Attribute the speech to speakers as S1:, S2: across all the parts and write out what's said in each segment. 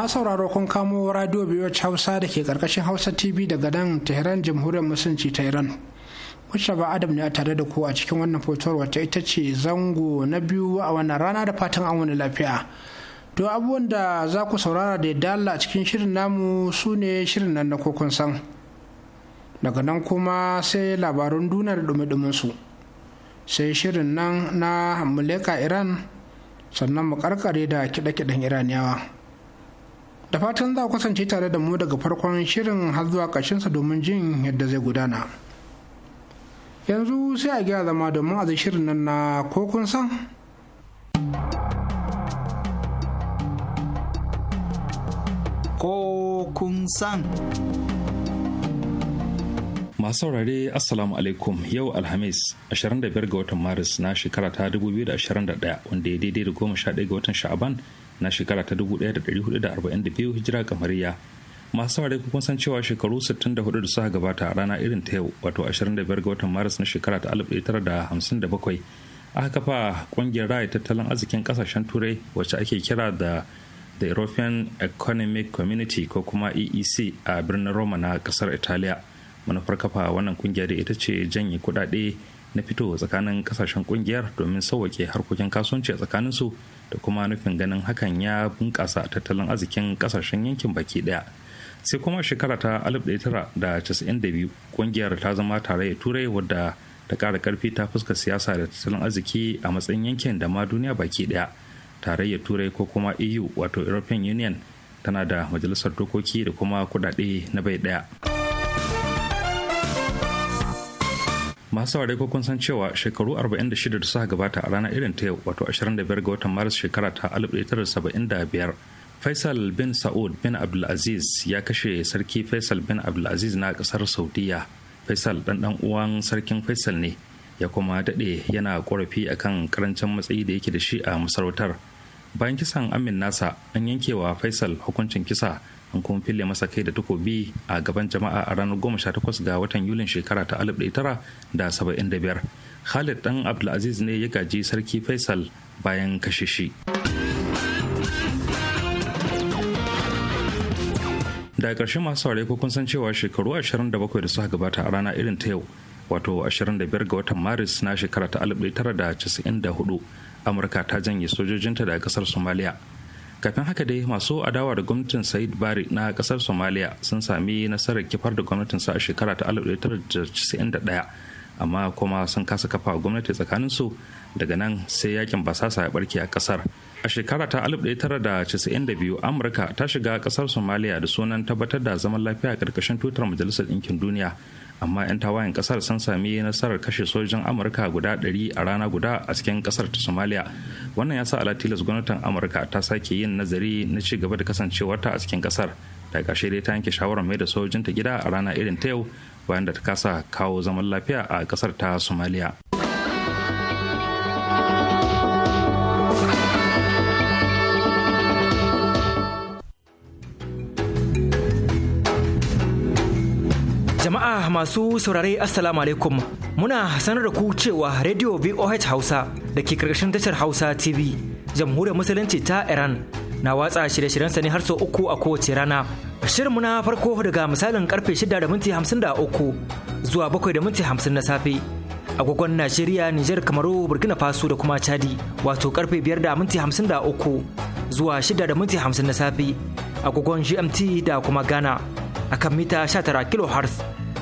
S1: ma sauraro kun kamo radio Hausa da ke karkashin Hausa TV daga nan Tehran Jamhuriyar Musulunci ta Iran. Wacce ba Adam ne a tare da ku a cikin wannan fotowar wata ita ce zango na biyu a wannan rana da fatan an wani lafiya. To abubuwan da za ku saurara da dala a cikin shirin namu su ne shirin nan na kokon san. Daga nan kuma sai labarun dunar dumi su. Sai shirin nan na Muleka Iran sannan mu karkare da kiɗe-kiɗen Iraniyawa. da fatan za ku kasance tare da mu daga farkon shirin har zuwa ƙarshensa domin jin yadda zai gudana yanzu sai a gyara zama domin a shirin nan na ko kun san
S2: ko kun san
S3: Masu saurare Assalamu alaikum yau Alhamis 25 ga watan Maris na shekara ta 2021 wanda ya daidai da 11 ga watan Sha'aban na shekara ta 1442 hijira kamariya masu saurari kun san cewa shekaru 64 da suka gabata a rana irin ta yau wato 25 ga watan maris na shekara ta 1957 aka kafa kungiyar raya tattalin arzikin kasashen turai wacce ake kira da the european economic community ko kuma eec a birnin roma na kasar italiya manufar kafa wannan kungiya da ita ce janye kudade na fito tsakanin kasashen kungiyar domin sauwake harkokin kasuwanci a tsakanin su da kuma nufin ganin hakan ya bunƙasa tattalin arzikin kasashen yankin baki daya sai kuma shekara ta 1992 kungiyar ta zama tarayyar turai wadda ta ƙara karfi ta fuska siyasa da tattalin arziki a matsayin yankin da ma duniya baki daya tarayyar turai ko kuma eu wato european union tana da majalisar dokoki da kuma kudade na bai daya. masu ware ko kun san cewa shekaru 46 da suka gabata a ranar irin ta yau wato 25 ga watan maris shekara ta 1975 faisal bin sa'ud bin abdulaziz ya kashe sarki faisal bin abdulaziz na kasar saudiya faisal dan uwan sarkin faisal ne ya kuma daɗe yana ƙorafi akan karancin matsayi da yake da shi a masarautar bayan kisan amin nasa an yankewa faisal hukuncin kisa an kuma fille masa kai da takobi a gaban jama'a a ranar goma sha takwas ga watan yulin shekara ta 1975 khalid dan abdulaziz ne ya gaji sarki faisal bayan kashe shi daga ƙarshe masu saurayi ko kun san cewa shekaru 27 da suka gabata a rana irin ta yau wato 25 ga watan maris na shekara ta 1994 amurka ta janye sojojinta daga kasar somaliya kafin haka dai masu adawa da gwamnatin said bari na kasar somalia sun sami nasarar kifar da gwamnatinsa a shekara ta 1991 amma kuma sun kasa kafa gwamnati tsakanin su daga nan sai yakin basasa ya barke a kasar a shekara ta 1992 amurka ta shiga kasar somalia da sunan tabbatar da zaman lafiya a karkashin tutar majalisar ɗinkin duniya amma 'yan tawayen kasar sun sami nasarar kashe sojojin amurka guda 100 a rana guda a cikin kasar ta somalia wannan ya sa alatilas gwamnatin amurka ta sake yin nazari na ci gaba da kasancewarta a cikin kasar ta ƙarshe dai ta yanke shawarar mai da ta gida a rana irin ta yau bayan da ta kasa kawo zaman lafiya a kasar ta somalia
S4: masu saurare Assalamu alaikum muna sanar da ku cewa Radio VOH Hausa da ke karkashin tashar Hausa TV jamhuriyar musulunci ta Iran na watsa shirye-shiryen Sani har sau uku a kowace rana. Shirin muna farko daga misalin karfe shida zuwa bakwai na safe. Agogon Najeriya, niger Kamaru, Burkina Faso da kuma Chadi wato karfe biyar da zuwa shida na safe. Agogon GMT da kuma Ghana akan mita 19 kHz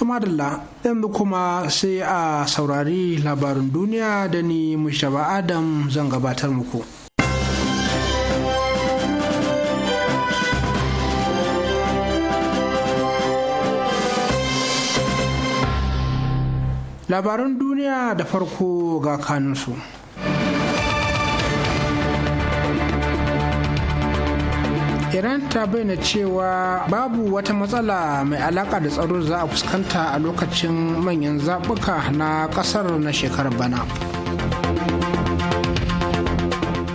S4: To madalla yanzu
S1: kuma sai a saurari labarin duniya da ni Mushaba Adam zan gabatar muku. Labaran duniya da farko ga kanunsu. iran ta bayyana cewa babu wata matsala mai alaka da tsaro za a fuskanta a lokacin manyan zaɓuka na ƙasar na shekarar bana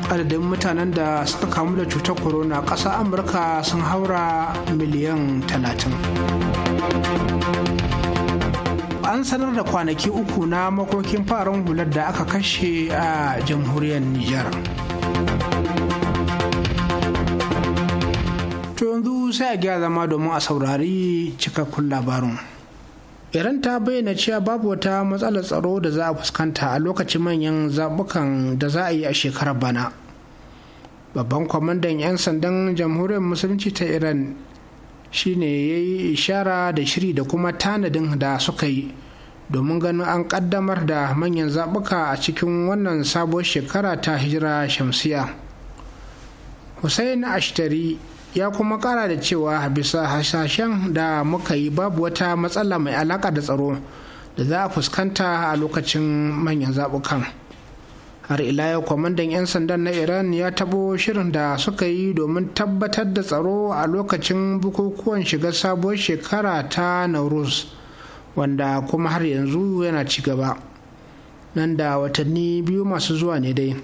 S1: adadin mutanen da suka kamu da cutar corona ƙasa amurka sun haura miliyan 30 an sanar da kwanaki uku na makokin farin hular da aka kashe a jamhuriyar nijar to yanzu sai a gyara zama domin a saurari cikakkun labarin iran ta bayyana cewa babu wata matsalar tsaro da za a fuskanta a lokacin manyan zaɓukan da za a yi a shekarar bana babban kwamandan 'yan sandan jamhuriyar musulunci ta iran shine ya yi ishara da shiri da kuma tanadin da suka yi domin ganin an ƙaddamar da manyan zaɓuka a cikin wannan sabuwar shekara ta hijira shamsiya hussein ashtari ya kuma kara da cewa bisa hasashen da muka yi babu wata matsala mai alaka da tsaro da za a fuskanta a lokacin manyan zaɓukan har ila yau kwamandan 'yan sandan na iran ya tabo shirin da suka yi domin tabbatar da tsaro a lokacin bukukuwan shiga sabuwar shekara ta nauruz wanda kuma har yanzu yana ci gaba nan da watanni biyu masu zuwa ne dai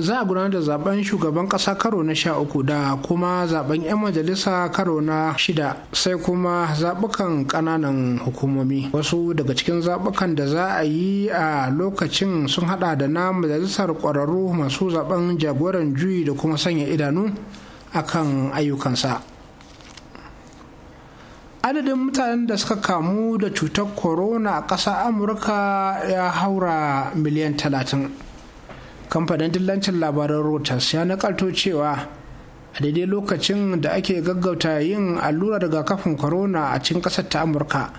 S1: za a gudanar da zaben shugaban kasa karo na sha uku da kuma zaben 'yan majalisa karo na shida sai kuma zabukan kananan hukumomi wasu daga cikin zabukan da za a yi a lokacin sun hada da na majalisar kwararru masu zaben jagoran juyi da kuma sanya idanu akan ayyukansa adadin mutanen da suka kamu da cutar corona a ƙasa amurka ya haura miliyan talatin. kamfanin dillancin labaran reuters ya nakalto cewa a daidai lokacin da ake gaggauta yin allura daga kafin corona a cikin ƙasar ta amurka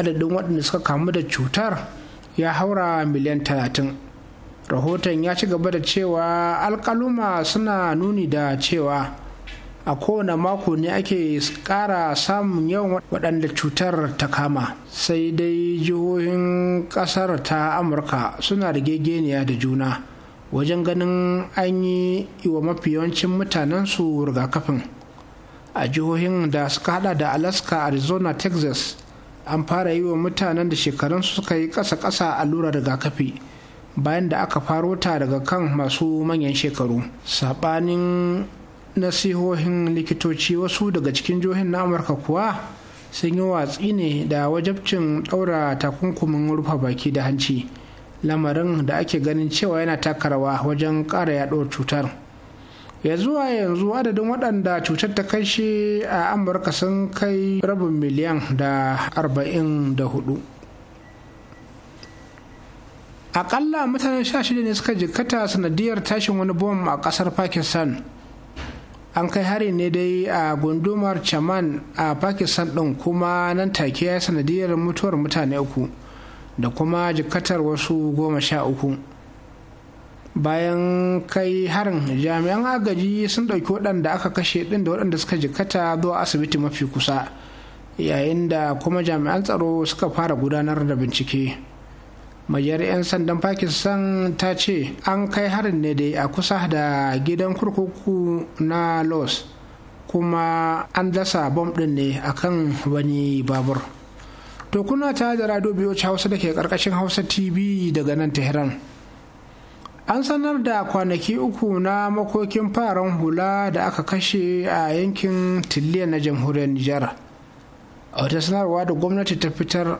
S1: adadin waɗanda suka kamu da cutar ya haura miliyan talatin rahoton ya ci gaba da cewa alkaluma suna nuni da cewa a kowane mako ne ake ƙara samun yawan waɗanda cutar ta kama sai dai jihohin ƙasar ta amurka suna rigegeniya da juna wajen ganin an yi wa mafi yawancin mutanensu rigakafin a jihohin da suka hada da alaska arizona texas an fara yi wa mutanen da shekarunsu suka yi ƙasa-ƙasa allurar rigakafi bayan da aka faro ta daga kan masu manyan shekaru saɓanin nasihohin likitoci wasu daga cikin jihohin na amurka kuwa sun yi watsi ne da wajabcin ɗaura takunkumin rufe baki da hanci lamarin da ake ganin cewa yana takarawa wajen ƙara yaɗuwar cutar ya zuwa yanzu adadin waɗanda cutar ta kai shi a amurka sun kai rabin miliyan da arba'in da hudu akalla mutane sha shida ne suka jikata sanadiyar tashin wani bom a ƙasar pakistan an kai hari ne dai a gundumar chaman a pakistan ɗin kuma nan take ya sanadiyar mutuwar mutane uku da kuma jikatar wasu goma sha uku bayan kai harin jami'an agaji sun ɗauki waɗanda aka kashe ɗin da waɗanda suka jikata zuwa asibiti mafi kusa yayin da kuma jami'an tsaro suka fara gudanar da bincike majiyar 'yan sandan pakistan ta ce an kai harin ne dai a kusa da gidan kurkuku na los kuma an dasa bom ɗin ne akan wani babur. to kuna ta da rado biyoci hausa da ke karkashin hausa tv daga nan tehran an sanar da kwanaki uku na makokin fararen hula da aka kashe a yankin tiliya na jamhuriyar nijar a wata sanarwa da gwamnati ta fitar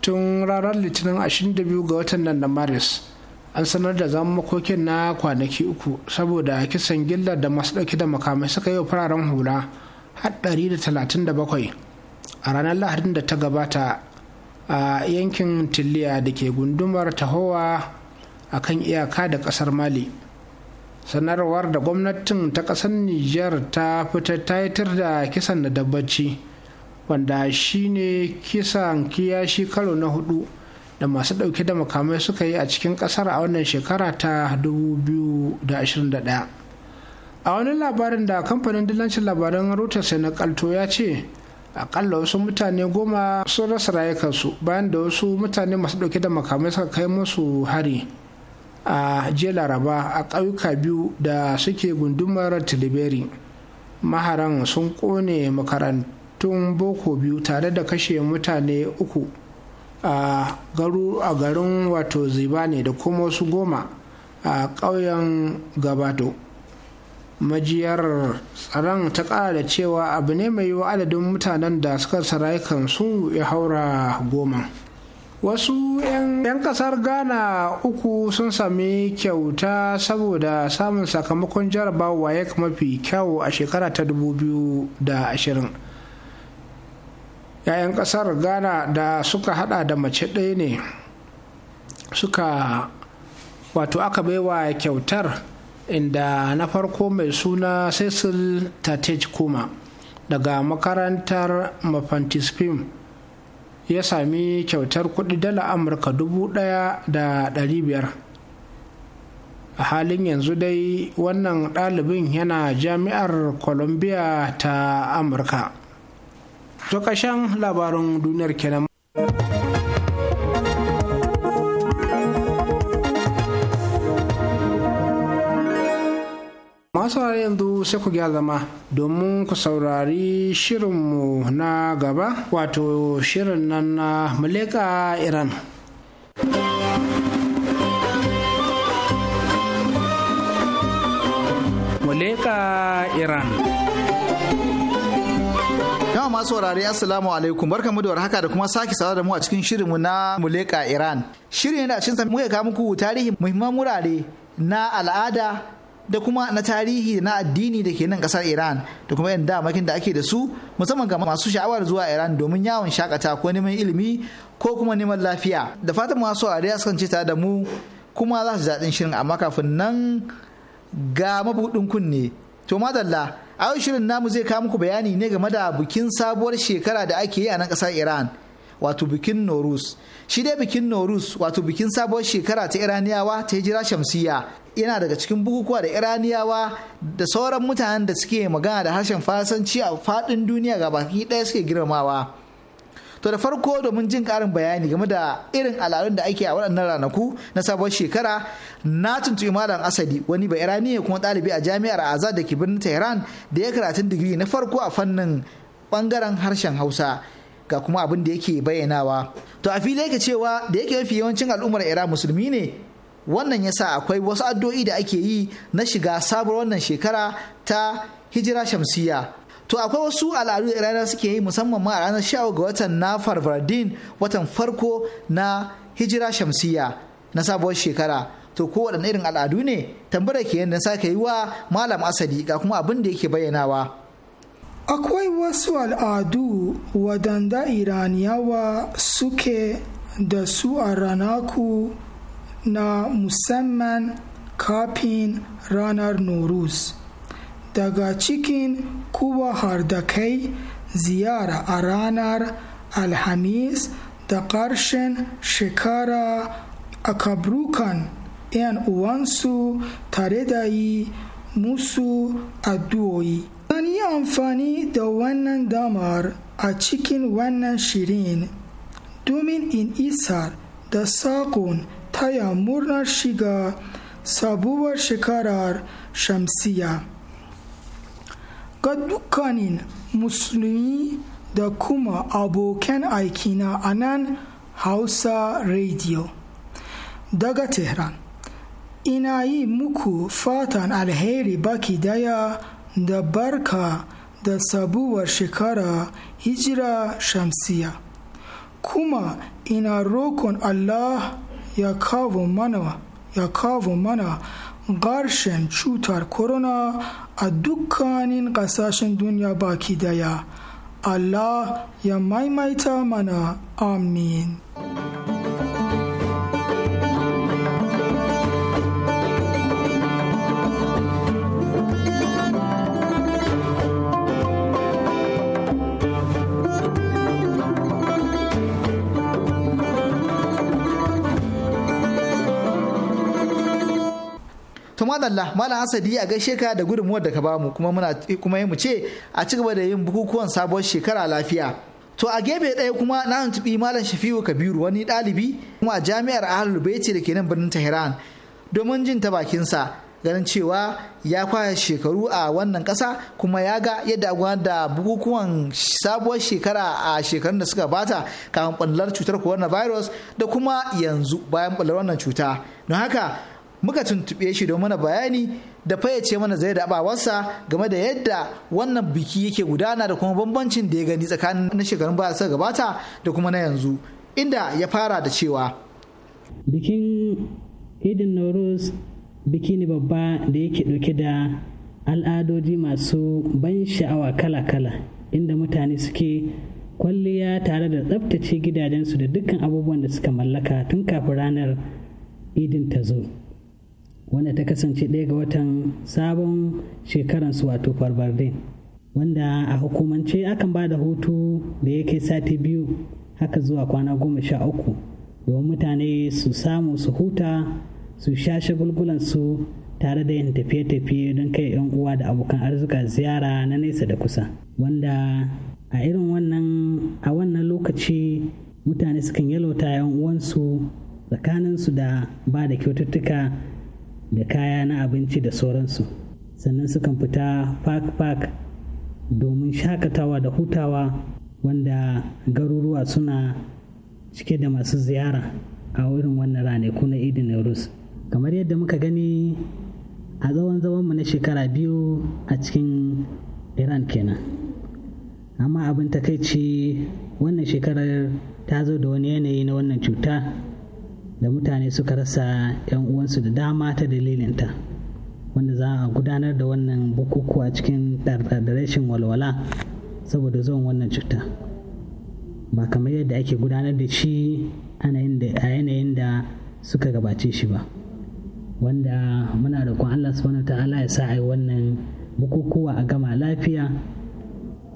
S1: tun ranar litinin 22 ga watan nan na maris an sanar da zama makokin na kwanaki uku saboda kisan gillar da masu ɗauki da makamai suka yi wa fararen hula har 137 a ranar lahadin da ta gabata a yankin tiliya da ke gundumar tahowa a kan iyaka da kasar mali sanarwar da gwamnatin ta kasar Nijar ta fita taitar da kisan da dabbaci wanda shine kisan kiyashi karo na hudu da masu dauke da makamai suka yi a cikin kasar a wannan shekara ta 2021 a wani labarin da kamfanin dillancin labaran reuters na kalto ya ce akalla wasu mutane goma sun rasa rayukansu bayan da wasu mutane masu dauke da makamai suka kai musu hari a jiya laraba a ƙauyuka biyu da suke gundumar tilibiri maharan sun kone makarantun boko biyu tare da kashe mutane uku a garin wato zibane da kuma wasu goma a ƙauyen gabato majiyar tsaron ta ƙara da cewa abu ne mai yiwu adadin mutanen da suka sarai kansu ya haura goma wasu 'yan kasar ghana uku sun sami kyauta saboda samun sakamakon jarabawa ya mafi kyau a shekara ta 2020 'ya'yan kasar ghana da suka hada da mace ɗaya ne suka wato aka baiwa kyautar inda na farko mai suna cecil tatej kuma daga makarantar mafantispim ya sami kyautar kudi dala amurka dubu da biyar. a halin yanzu dai wannan ɗalibin yana jami'ar columbia ta amurka to labarin duniyar kenan masu yanzu sai ku gya zama domin ku saurari shirinmu na gaba wato shirin nan na muleka iran muleka iran
S2: yawa masu wurare assalamu alaikum barkamu da warhaka da kuma sake sawa da mu a cikin shirinmu na muleka iran shirin yana cin muka kawo muku tarihi muhimman wurare na al'ada da kuma na tarihi na addini da ke nan kasar Iran da kuma yan damakin da ake da su musamman ga masu sha'awar zuwa Iran domin yawon shakata ko neman ilimi ko kuma neman lafiya da fatan masu a da sukan cita da mu kuma za su daɗin shirin amma kafin nan ga mabuɗin kunne to madalla a shirin namu zai kawo muku bayani ne game da bikin sabuwar shekara da ake yi a nan kasar Iran wato bikin Norus. Shi dai bikin Norus wato bikin sabuwar shekara ta Iraniyawa ta hijira shamsiya yana daga cikin bukukuwa da iraniyawa da sauran mutanen da suke magana da harshen faransanci a faɗin duniya ga baki ɗaya suke girmamawa to da farko domin jin ƙarin bayani game da irin al'adun da ake a waɗannan ranaku na sabon shekara na tuntuɓi malam asadi wani ba iraniya kuma ɗalibi a jami'ar azad da ke birnin tehran da ya karatun digiri na farko a fannin ɓangaren harshen hausa ga kuma abin da yake bayyanawa to a fili yake cewa da yake mafi yawancin al'ummar iran musulmi ne wannan yasa akwai wasu addu'o'i da ake yi na shiga sabuwar wannan shekara ta hijira shamsiyya to akwai wasu al'adu da ranar suke yi musamman ma a ranar sha ga watan na farvardin watan farko na hijira shamsiyya na sabuwar shekara to ko waɗanne irin al'adu ne tambara ke yadda sake yi wa malam asali ga kuma abin da yake bayyanawa akwai
S5: wasu al'adu wadanda iraniyawa suke da su a ranaku na musamman kafin ranar Nor'us daga cikin kuwa hardakai ziyara a ranar alhamis da ƙarshen shekara a kabrukan 'yan uwansu tare da yi musu addu'o'i an yi amfani da wannan damar a cikin wannan shirin domin in isar da saƙon taya murnar shiga sabuwar shekarar shamsiya ga dukkanin musulmi da kuma abokan aikina a nan hausa radio daga tehran ina yi muku fatan alheri baki daya da barka da sabuwar shekara hijira shamsiya kuma ina rokon allah Ya mana mana garshen cutar corona a dukkanin ƙasashen duniya baki daya allah ya maimaita mana amin
S2: Allah malam asadi a gaishe ka da gudunmuwar da ka bamu kuma muna kuma mu ce a ci gaba da yin bukukuwan sabuwar shekara lafiya to a gefe ɗaya kuma na tuɓi malam shafi'u kabiru wani ɗalibi kuma a jami'ar ahlul baiti da ke nan birnin tehran domin jin ta bakinsa ganin cewa ya kwaya shekaru a wannan ƙasa kuma ya ga yadda gudanar da bukukuwan sabuwar shekara a shekarun da suka bata kafin ɓallar cutar coronavirus da kuma yanzu bayan ɓallar wannan cuta don haka muka tuntuɓe shi don mana bayani da fayyace mana zai da abawarsa game da yadda wannan biki yake gudana da kuma bambancin da ya gani tsakanin na shekarun baya suka gabata da kuma na yanzu inda ya fara da
S6: cewa bikin idin nauruz biki ne babba da yake ɗauke da al'adoji masu ban sha'awa kala-kala inda mutane suke kwalliya tare da tsabtace gidajensu da dukkan abubuwan da suka mallaka tun kafin ranar idin ta zo wanda ta kasance ɗaya ga watan sabon shekaran su wato farbardin wanda a hukumance akan ba da hutu da yake sati biyu haka zuwa kwana goma sha uku domin mutane su samu su huta su sha shagulgulansu tare da yin tafiye-tafiye don kai 'yan uwa da abokan arzika ziyara na nesa da kusa wanda a irin wannan a wannan lokaci mutane sukan yalota 'yan uwansu tsakaninsu da ba da kyaututtuka da kaya na abinci da sauransu sannan sukan fita park-park domin shakatawa da hutawa wanda garuruwa suna cike da masu ziyara a wurin wannan ranaku na idin Nauruz. kamar yadda muka gani a tsawon mu na shekara biyu a cikin iran kenan amma abin takaici wannan shekarar ta zo da wani yanayi na wannan cuta da mutane suka rasa 'yan uwansu da dama ta dalilinta wanda za a gudanar da wannan bukukuwa cikin da rashin walwala saboda zuwan wannan cuta ba kamar yadda ake gudanar da shi a yanayin da suka gabace shi ba wanda muna da Allah subhanahu ta'ala ya sa a yi wannan bukukuwa a gama lafiya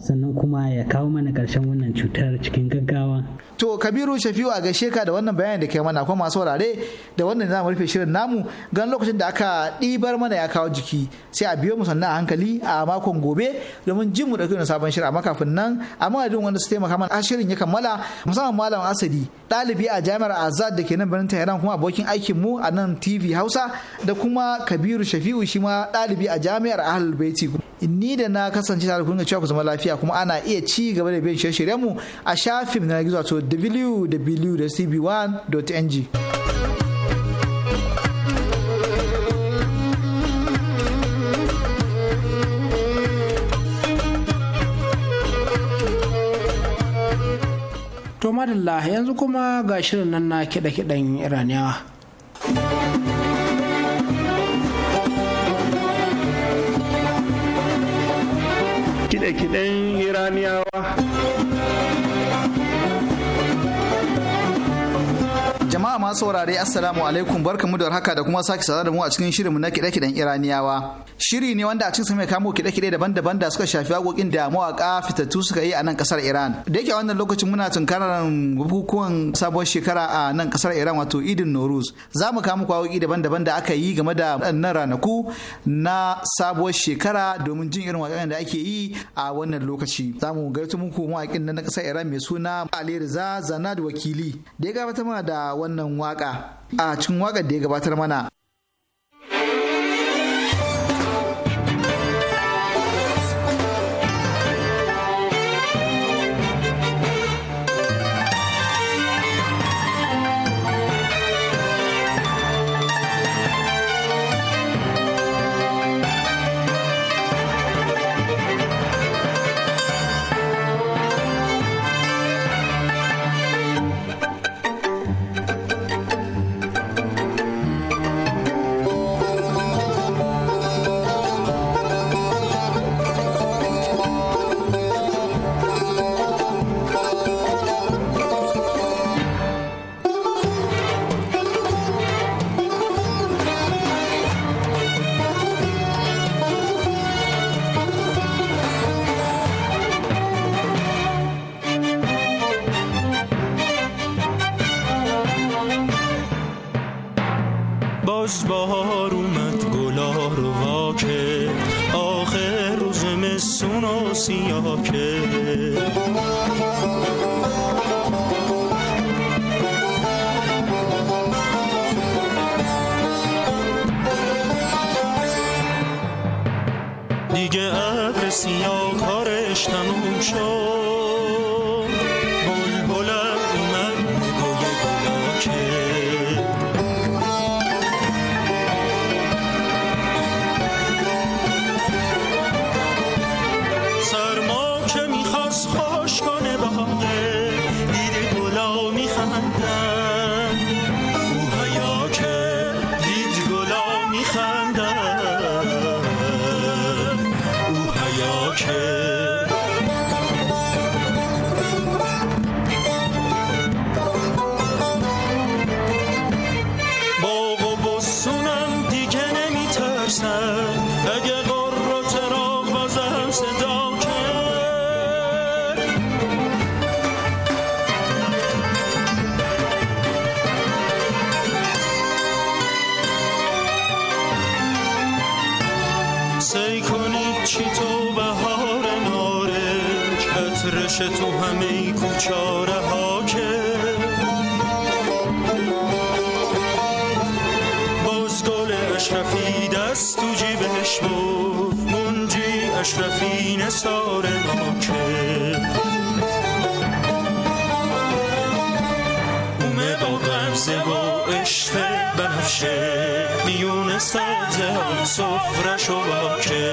S6: sannan kuma ya kawo mana karshen wannan cutar cikin gaggawa.
S2: To Kabiru Shafiu a gaishe ka da wannan bayani da kai mana kuma masu wurare da wannan zamu rufe shirin namu gan lokacin da aka ɗibar mana ya kawo jiki sai a biyo mu sannan a hankali a makon gobe domin jin mu dauki sabon shirin amma kafin nan a madadin wanda su taimaka mana shirin ya kammala musamman malam Asadi ɗalibi a jami'ar Azad da ke nan birnin Tehran kuma abokin aikin mu a nan TV Hausa da kuma Kabiru Shafiu shi ma ɗalibi a jami'ar Ahlul Baiti ni da na kasance tare kun cewa ku zama lafiya kuma ana iya ci gaba da bin shirye mu a shafin na gizo to www.cb1.ng
S1: To madalla yanzu kuma ga shirin nan na kiɗa-kiɗan Iraniyawa.
S7: kide-kiden iraniyawa
S2: Jama'a masu saurare Assalamu alaikum barkamu da haka da kuma sake saurare da mu a cikin shirinmu na kiɗe-kiɗen Iraniyawa. Shiri ne wanda a cikin mai kamo kide kiɗe daban-daban da suka shafi hakokin da mawaƙa fitattu suka yi a nan ƙasar Iran. Da yake wannan lokacin muna tunkarar bukukuwan sabuwar shekara a nan kasar Iran wato Idin Noruz. Za mu kawo kwa daban-daban da aka yi game da wannan ranaku na sabuwar shekara domin jin irin waƙen da ake yi a wannan lokaci. Za mu gaito muku mawaƙin na kasar Iran mai suna Ali Riza Zanad Wakili. Da ya gabatar da wannan wannan waka a cikin wakar da ya gabatar mana
S7: دیگه عبر سیاه کارش تموم شد باشه تو همه کوچاره ها که باز گل اشرفی دست تو جیبش بود منجی اشرفی نسار ما که اومه با غمزه و عشق بنفشه میونه سبزه ها صفرش و باکه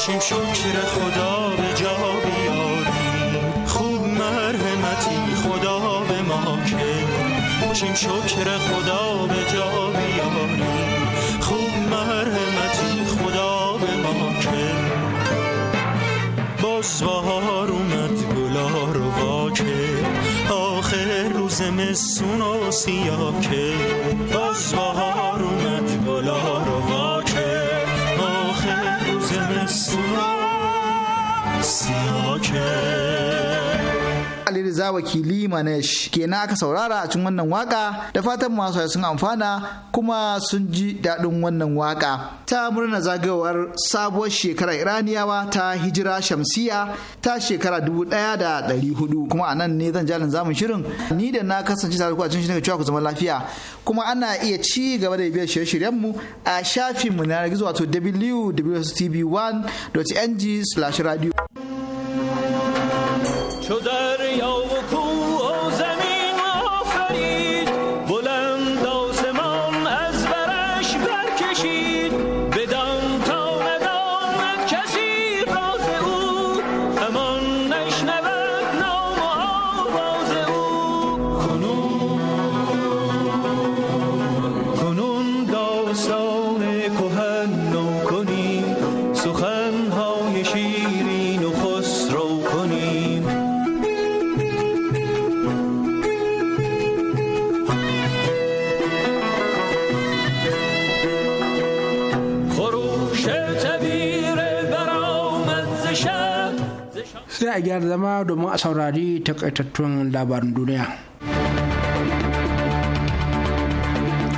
S7: باشیم شکر خدا به جا بیاریم خوب مرحمتی خدا به ما که باشیم شکر خدا به جا بیاریم خوب مرحمتی خدا به ما که باز بهار اومد گلا رو واکه آخر روز مسون و سیاکه
S2: Aliriza wakili Manesh kenan aka saurara a cikin wannan waka da fatan masu sun amfana kuma sun ji daɗin wannan waka ta murna zagawar sabuwar shekara Iraniyawa ta hijira shamsiya ta shekara dubu ɗaya da ɗari hudu kuma a nan ne zan jalin zamun shirin ni da na kasance tare ku a cikin shirin cewa ku zama lafiya kuma ana iya ci gaba da biyar shirye mu a shafin mu na gizo wato www.tv1.ng/radio
S1: Yar zama domin a saurari takaitattun labarin duniya.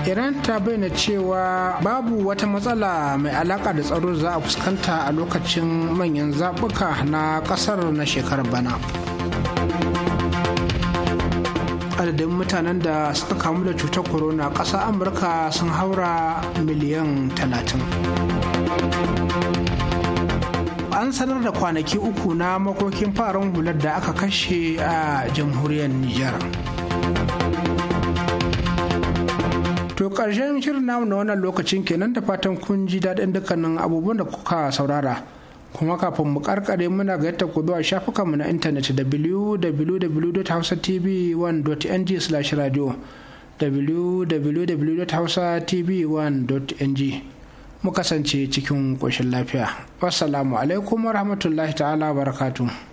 S1: Iran ta bayyana cewa babu wata matsala mai alaka da tsaro za a fuskanta a lokacin manyan zaɓuka na ƙasar na shekarar bana. Adadin mutanen da suka kamu da cutar corona ƙasa Amurka sun haura miliyan talatin. an sanar da kwanaki uku na makokin farin hular da aka kashe a jamhuriyar Nijar. To ƙarshen shirin namu na wannan lokacin kenan da fatan kun ji daɗin dukkanin abubuwan da kuka saurara. kuma kafin mu karkare muna ga yadda ku zuwa shafukanmu na intanet www.hausatv1.ng/radio www.hausatv1.ng mu kasance cikin ƙoshin lafiya wassalamu alaikum warahmatullahi ta'ala barakatu.